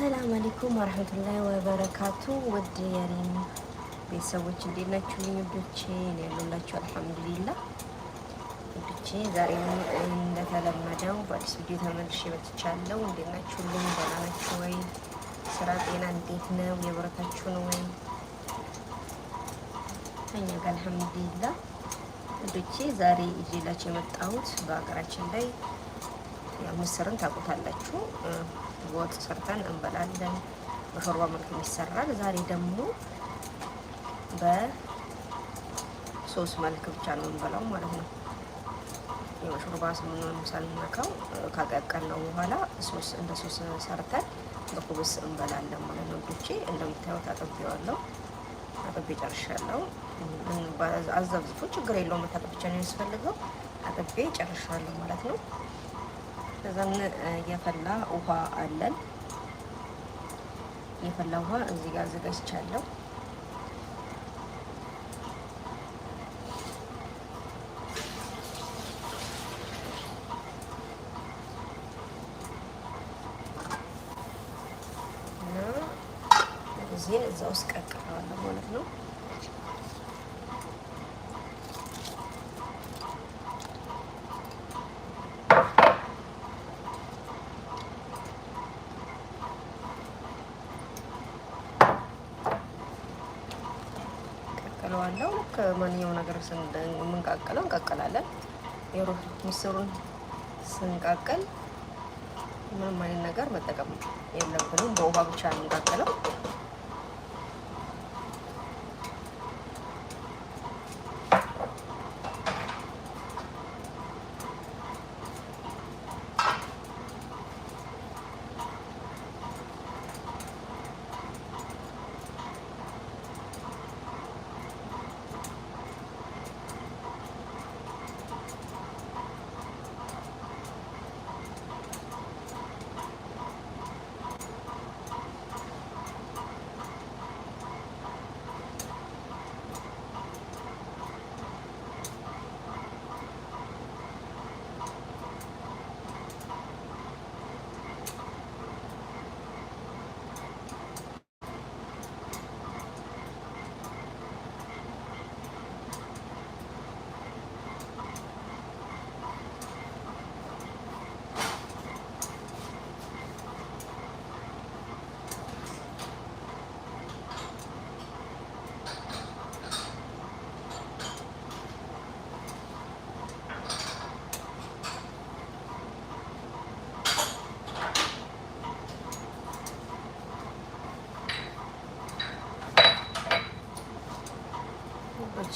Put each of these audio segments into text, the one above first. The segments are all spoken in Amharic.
ሰላም አለይኩም ወረህመቱላሂ ወበረካቱ። ውድ የሪም ቤተሰቦች እንዴት ናችሁ? ውዶቼ ነው ያሉላችሁ። አልሐምዱሊላህ ውዶቼ፣ ዛሬም እንደተለመደው በአዲስ ቪዲዮ ተመልሼ መጥቻለሁ። እንዴት ናችሁ? ልኝ ደህና ናችሁ ወይ? ስራ ጤና እንዴት ነው? የብረታችሁ ነው ወይ? እኛ ጋር አልሐምዱሊላህ ውዶቼ፣ ዛሬ ይዤላችሁ የመጣሁት በሀገራችን ላይ ምስርን ታውቁታላችሁ ወጥ ሰርተን እንበላለን። በሾርባ መልክ ይሰራል። ዛሬ ደግሞ በሶስት መልክ ብቻ ነው እንበላው ማለት ነው። የሾርባ ስምንሆን ካቀቀል ነው በኋላ እንደ ሶስት ሰርተን በኩብስ እንበላለን ማለት ነው። ዱቼ እንደሚታዩት አጥቤዋለሁ። አጥቤ ጨርሻለሁ። አዘብዝፎ ችግር የለውም። መታጠብ ብቻ ነው የሚያስፈልገው። አጥቤ ጨርሻለሁ ማለት ነው። ከዛን የፈላ ውሃ አለን። የፈላ ውሃ እዚህ ጋር አዘጋጅቻለሁ። ከማንኛውም ነገር የምንቃቀለው እንቃቀላለን። የሮ ምስሩን ስንቃቀል ምንም አይነት ነገር መጠቀም የለብንም። በውሃ ብቻ ነው የምንቃቀለው።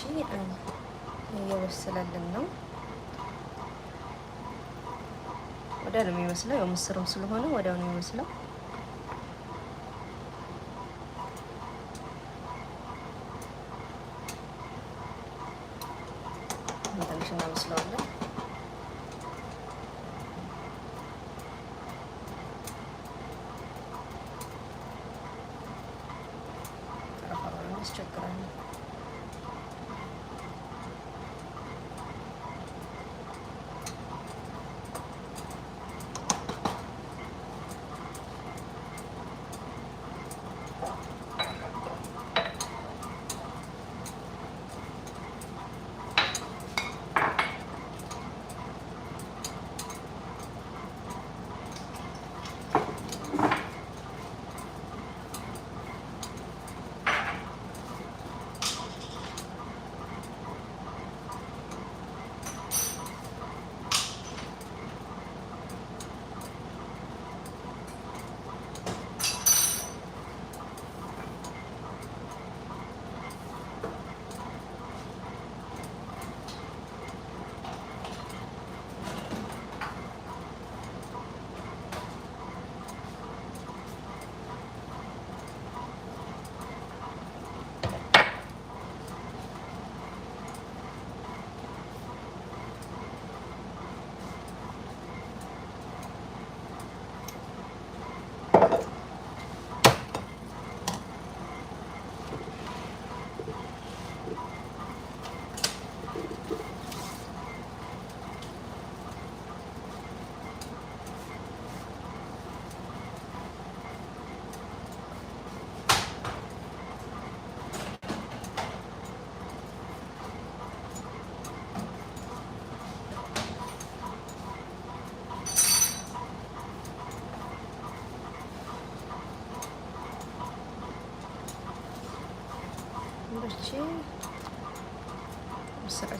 እንጂ እየበሰለልን ነው። ወዲያ ነው የሚመስለው። ያው ምስርም ስለሆነ ወዲያው ነው የሚመስለው።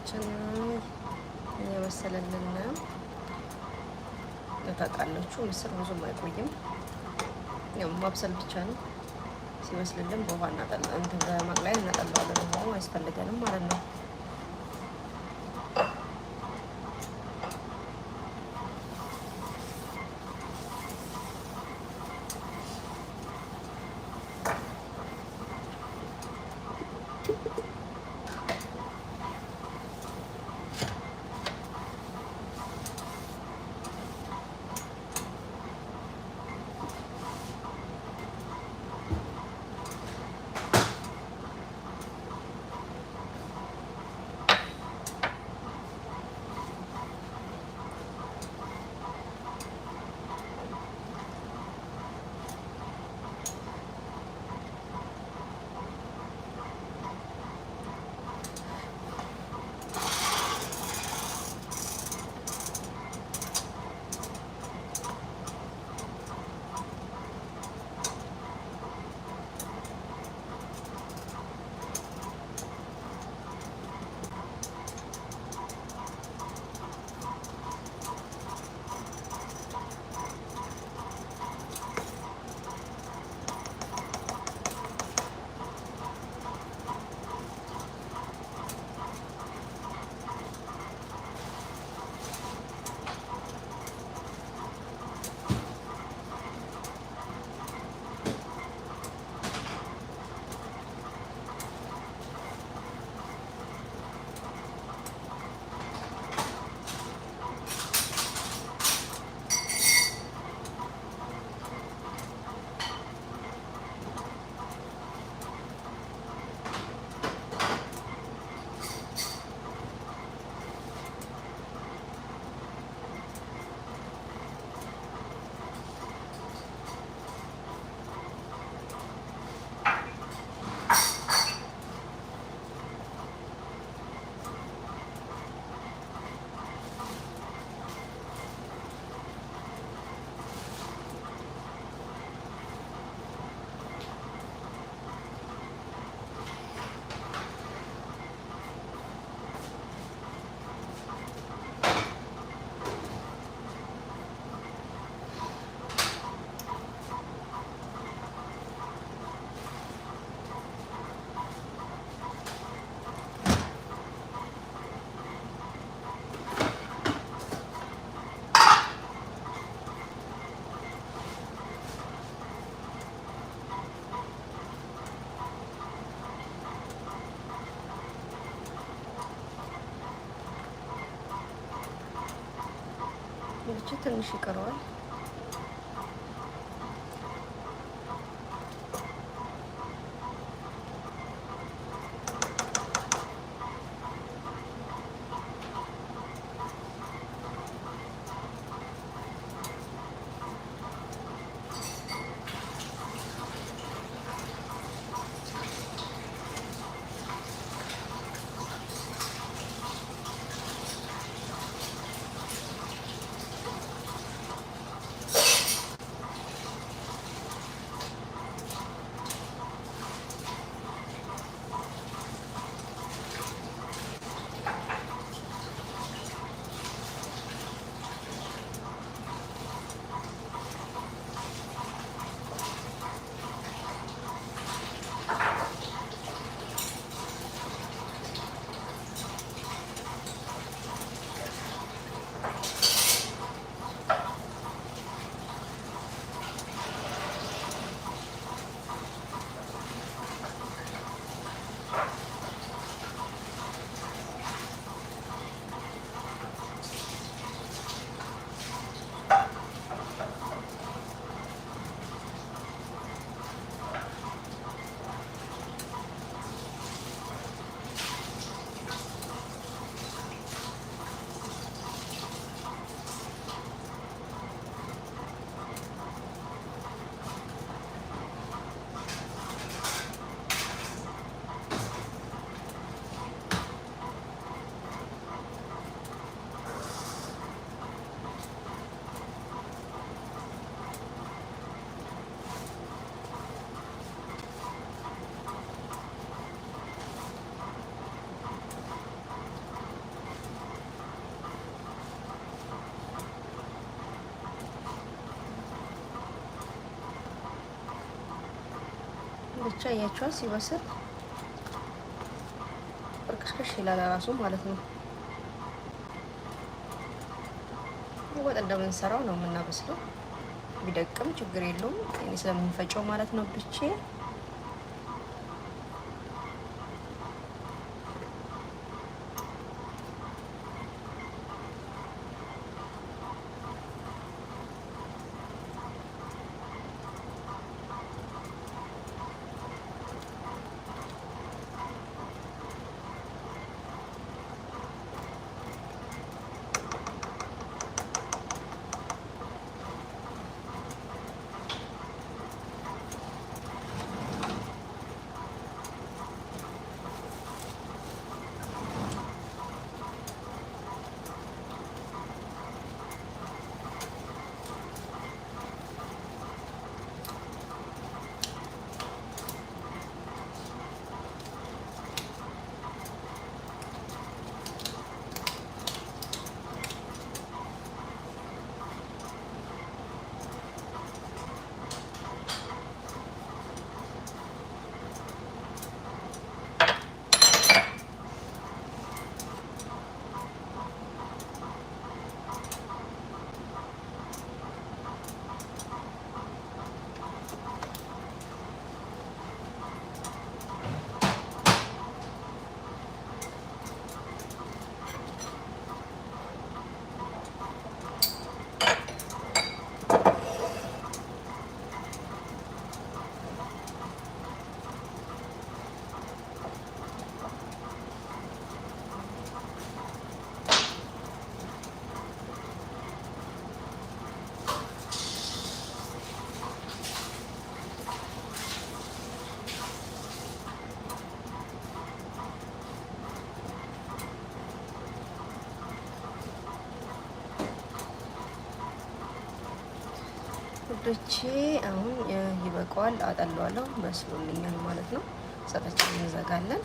ዶሮችን እየበሰለልን ነው። ታውቃላችሁ ምስር ብዙም አይቆይም፣ ያው ማብሰል ብቻ ነው። ሲበስልልን በውሃ እናጠላ እንትን በማቅለያ እናጠላዋለን። ውሃው አያስፈልገንም ማለት ነው። Второй король. ብቻ እያቸዋል ሲበስል ቅርቅሽቅሽ ይላል ራሱ ማለት ነው። ወጥ እንደምንሰራው ነው የምናበስለው። ቢደቅም ችግር የለውም ስለምንፈጨው ማለት ነው ብቼ ውዶቼ አሁን ይበቃዋል። አጠለዋለሁ በስሎልኛል ማለት ነው። ሰጠች እንዘጋለን።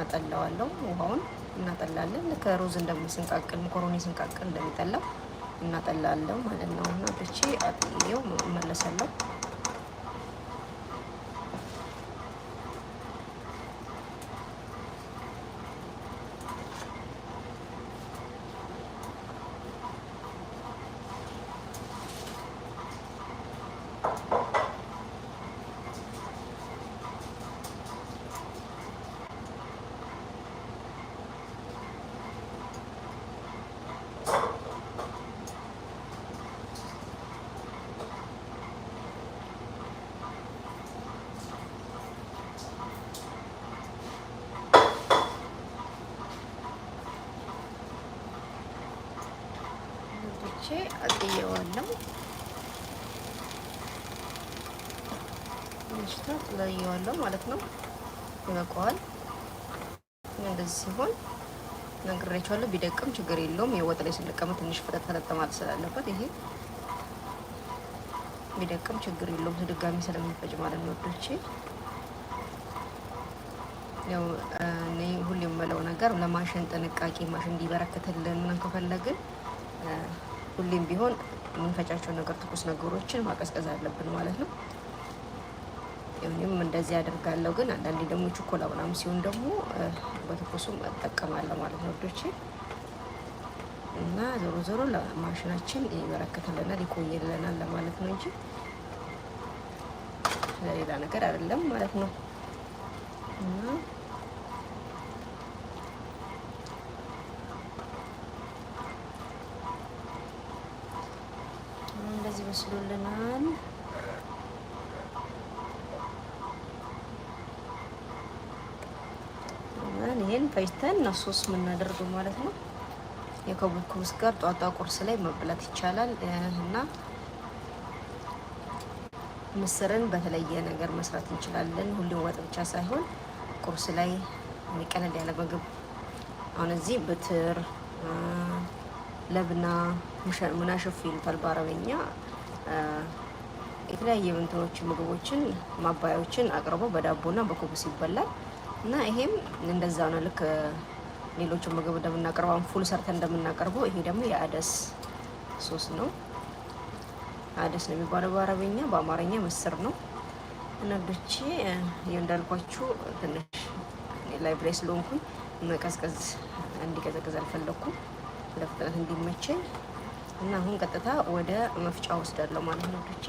አጠለዋለሁ ውሃውን እናጠላለን። ከሩዝ እንደምንስንቃቅል መኮሮኒ ስንቃቅል እንደሚጠላ እናጠላለን ማለት ነው። እና ውዶቼ አጥዬው መለሰለሁ አጥየዋለሁ። ሽታ ጥለየዋለሁ ማለት ነው። ይበቃዋል። እንደዚህ ሲሆን ነግሬያቸዋለሁ። ቢደቅም ችግር የለውም። የወጥ ላይ ስለቀመ ትንሽ ፍጠት ተለጠ ማለት ስላለበት ይሄ ቢደቅም ችግር የለውም። ድጋሚ ስለሚፈጭ ማለት ነው ወዶቼ ያው እኔ ሁሌ የምለው ነገር ለማሽን ጥንቃቄ ማሽን እንዲበረክትልን ከፈለግን ሁሌም ቢሆን የምንፈጫቸው ነገር ትኩስ ነገሮችን ማቀዝቀዝ አለብን ማለት ነው። እኔም እንደዚህ አደርጋለሁ። ግን አንዳንዴ ደግሞ ችኮላ ምናምን ሲሆን ደግሞ በትኩሱም እጠቀማለሁ ማለት ነው ወዶቼ እና ዞሮ ዞሮ ለማሽናችን ይበረክትልናል፣ ይቆይልናል ለማለት ነው እንጂ ለሌላ ነገር አይደለም ማለት ነው እና ፈጅተን ነው ሶስ የምናደርገው ማለት ነው። የከብት ኩብስ ጋር ጧጧ ቁርስ ላይ መብላት ይቻላል እና ምስርን በተለየ ነገር መስራት እንችላለን። ሁሌ ወጥ ብቻ ሳይሆን ቁርስ ላይ ቀለል ያለ ምግብ አሁን እዚህ ብትር ለብና ሙናሽፍ ይሉታል በአረበኛ። የተለያየ ምንትኖችን ምግቦችን ማባያዎችን አቅርበው በዳቦና በኩብስ ይበላል። እና ይሄም እንደዛ ነው። ልክ ሌሎቹ ምግብ እንደምናቀርበው ፉል ሰርተን እንደምናቀርበው ይሄ ደግሞ የአደስ ሶስ ነው። አደስ ነው የሚባለው በአረበኛ፣ በአማርኛ ምስር ነው። እና ዶቼ እንዳልኳችሁ ትንሽ ላይብሬ ስለሆንኩኝ መቀዝቀዝ እንዲቀዘቅዝ አልፈለግኩም ለፍጥነት እንዲመቸኝ እና አሁን ቀጥታ ወደ መፍጫ ወስዳለሁ ማለት ነው ዶቼ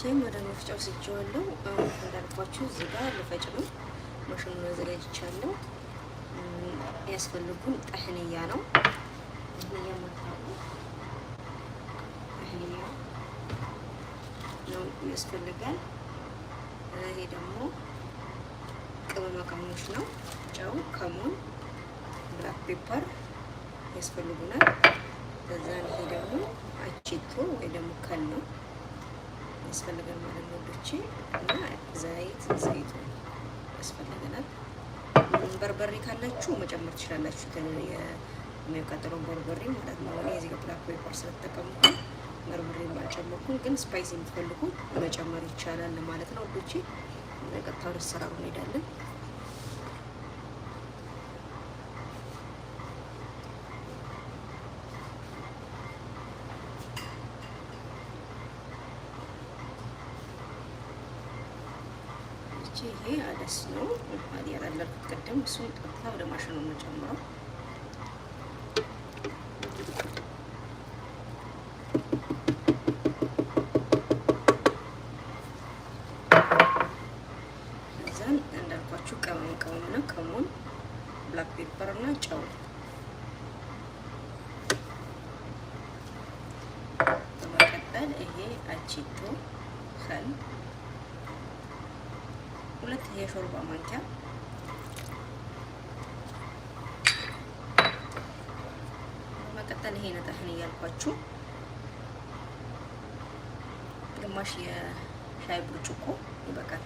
ቻይም ወደ መፍጫው ስጀዋለሁ። እንዳልኳችሁ እዚህ ጋር ልፈጭ ነው። ማሽኑ አዘጋጅቻለሁ። ያስፈልጉን ጠህንያ ነው። ጠህንያ ማታቁ ጠህንያ ነው ያስፈልጋል። ይሄ ደግሞ ቅመማ ቅመሞች ነው። ጨው፣ ከሙን፣ ብላክ ፔፐር ያስፈልጉናል። ከዛ ይሄ ደግሞ አቺቶ ወይ ደግሞ ከል ነው ያስፈልጋል ማለት ነው። ብቼ እና ዘይት ዘይት ያስፈልገናል። በርበሬ ካላችሁ መጨመር ትችላላችሁ። የሚቀጥለውን በርበሬ ማለት ነው። እኔ እዚህ ብላክ ፔፐር ስለተጠቀምኩኝ በርበሬ አልጨመርኩም፣ ግን ስፓይስ የምትፈልጉ መጨመር ይቻላል ማለት ነው። ብቼ ቀጥታ ወደ አሰራሩ እንሄዳለን። እሱን ቀጥታ ወደ ማሽኑ የምንጨምረው እዛን እንዳልኳችሁ ቅመም ቅመምና ከሙን ብላክ ፔፐር እና ጨው በመቀጠል ይሄ አቺቶ ከል ሁለት የሾርባ ማንኪያ ይመስላል። ይሄ ነጠፍን እያልኳችሁ ግማሽ የሻይ ብርጭቆ ይበቃል።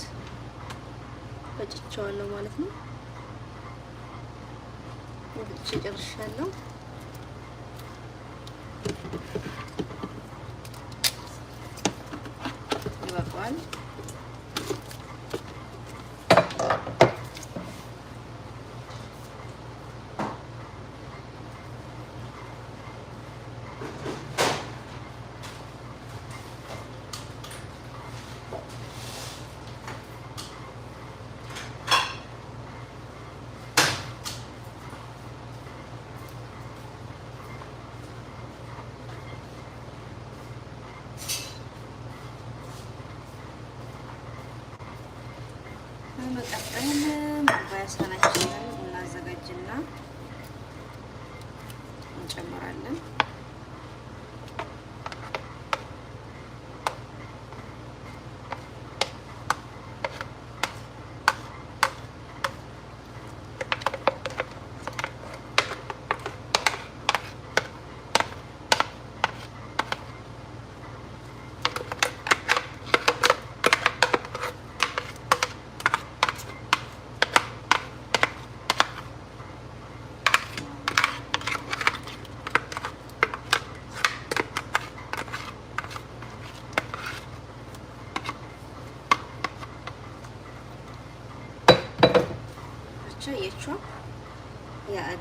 እንደምታዩት ፈጭቸዋለሁ ማለት ነው። ፈጭቼ ጨርሻለሁ። verdim.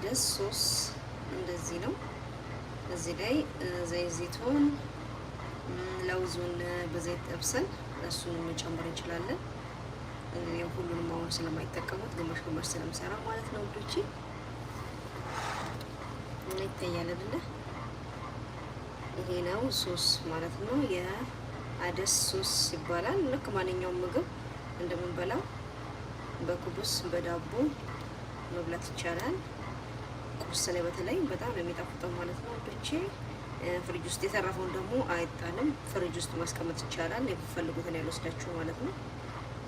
ሁለት ሶስት እንደዚህ ነው። እዚህ ላይ ዘይት ዘይቱን ለውዙን በዘይት ጠብሰን እሱን መጨመር እንችላለን። እንግዲህ ሁሉንም አሁን ስለማይጠቀሙት ግማሽ ግማሽ ስለምሰራ ማለት ነው ውዶቼ እና ይታያል አይደለ? ይሄ ነው ሶስ ማለት ነው። የአደስ ሶስ ይባላል። ልክ ማንኛውም ምግብ እንደምንበላው በኩብስ በዳቦ መብላት ይቻላል። ቁርስ በተለይ በጣም ነው የሚጣፍጠው ማለት ነው። ብቼ ፍሪጅ ውስጥ የተረፈውን ደግሞ አይጣልም፣ ፍሪጅ ውስጥ ማስቀመጥ ይቻላል። የሚፈልጉትን ያልወስዳችሁ ማለት ነው።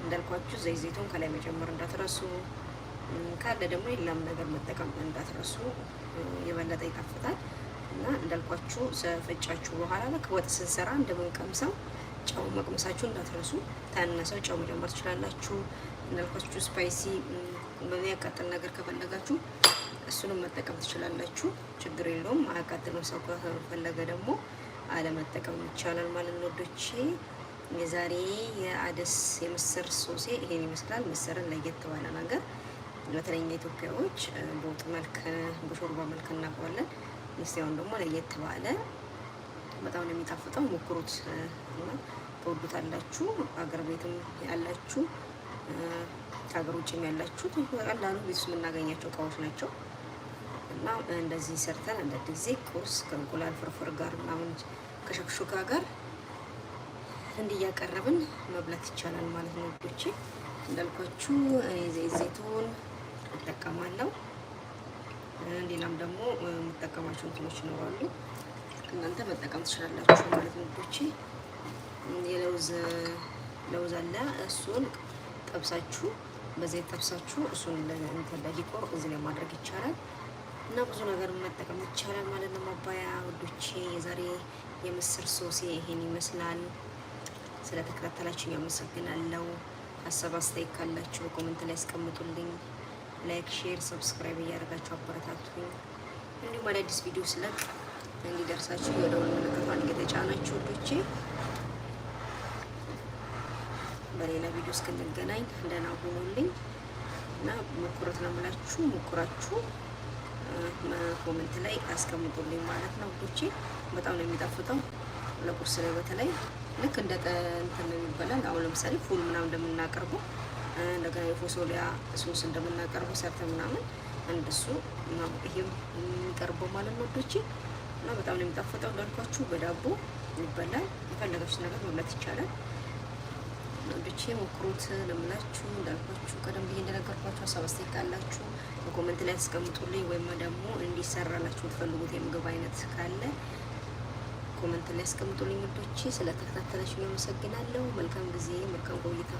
እንዳልኳችሁ ዘይት ዘይቱን ከላይ መጨመር እንዳትረሱ፣ ካለ ደግሞ የላም ነገር መጠቀም እንዳትረሱ፣ የበለጠ ይጣፍጣል እና እንዳልኳችሁ ሰፈጫችሁ በኋላ ልክ ወጥ ስንሰራ እንደምንቀምሰው ጨው መቅመሳችሁ እንዳትረሱ። ታንነሰው ጨው መጨመር ትችላላችሁ። እንዳልኳችሁ ስፓይሲ በሚያቃጥል ነገር ከፈለጋችሁ እሱንም መጠቀም ትችላላችሁ። ችግር የለውም። አያቃጥልም። ሰው ከፈለገ ደግሞ አለመጠቀም ይቻላል ማለት ነው ዶቼ የዛሬ የአደስ የምስር ሶሴ ይሄን ይመስላል። ምስርን ለየት ባለ ነገር በተለይ ኢትዮጵያዎች በወጥ መልክ በሾርባ መልክ እናውቀዋለን። ምስያውን ደግሞ ለየት ባለ በጣም ነው የሚጣፍጠው። ሞክሩት እና ተወዱታላችሁ። አገር ቤትም ያላችሁ ከሀገር ውጭም ያላችሁ ቀላሉ ቤት ውስጥ የምናገኛቸው እቃዎች ናቸው። እና እንደዚህ ሰርተን አንዳንድ ጊዜ ቁርስ ከእንቁላል ፍርፍር ጋር ምናምን ከሸክሹካ ጋር እንዲያቀረብን መብላት ይቻላል ማለት ነው። ልጆቼ እንዳልኳችሁ ዘይቱን እጠቀማለሁ። ሌላም ደግሞ የምጠቀማቸው እንትኖች ይኖራሉ። እናንተ መጠቀም ትችላላችሁ ማለት ነው ልጆቼ። የለውዝ ለውዝ አለ። እሱን ጠብሳችሁ በዘይት ጠብሳችሁ እሱን ለእንትን ለሊቆር እዚህ ላይ ማድረግ ይቻላል። እና ብዙ ነገር መጠቀም ይቻላል ማለት ነው። ማባያ ውዶቼ፣ የዛሬ የምስር ሶስ ይሄን ይመስላል። ስለተከታተላችሁ አመሰግናለሁ። ሀሳብ አስተያየት ካላችሁ በኮመንት ላይ አስቀምጡልኝ ላይክ፣ ሼር፣ ሰብስክራይብ እያደረጋችሁ አበረታቱኝ። እንዲሁም አዳዲስ ቪዲዮ ስለቅ እንዲደርሳችሁ የደወል ምልክቷን እየተጫናችሁ ውዶቼ፣ በሌላ ቪዲዮ እስክንገናኝ ደህና ሁኑልኝ እና ሞክሩት ነው የምላችሁ ሞክራችሁ ኮሜንት ላይ አስቀምጡልኝ ማለት ነው ውዶቼ። በጣም ነው የሚጣፍጠው ለቁርስ ላይ በተለይ ልክ እንደ እንትን ነው የሚበላል። አሁን ለምሳሌ ፉል ምናምን እንደምናቀርቡ እንደገና የፎሶሊያ ሶስ እንደምናቀርበው ሰርተ ምናምን እንደሱ ይሄም የሚቀርበው ማለት ነው ውዶቼ። እና በጣም ነው የሚጣፍጠው እንዳልኳችሁ በዳቦ ይበላል። የፈለጋችሁት ነገር መብላት ይቻላል። ወንዶቼ ሞክሩት ለምላችሁ እንዳልኳችሁ ቀደም ብዬ እንደነገርኳችሁ ሀሳብ አስተያየት ካላችሁ በኮመንት ላይ አስቀምጡልኝ። ወይም ደግሞ እንዲሰራላችሁ የምትፈልጉት የምግብ አይነት ካለ ኮመንት ላይ አስቀምጡልኝ። ምርቶቼ ስለተከታተላችሁ አመሰግናለሁ። መልካም ጊዜ፣ መልካም ቆይታ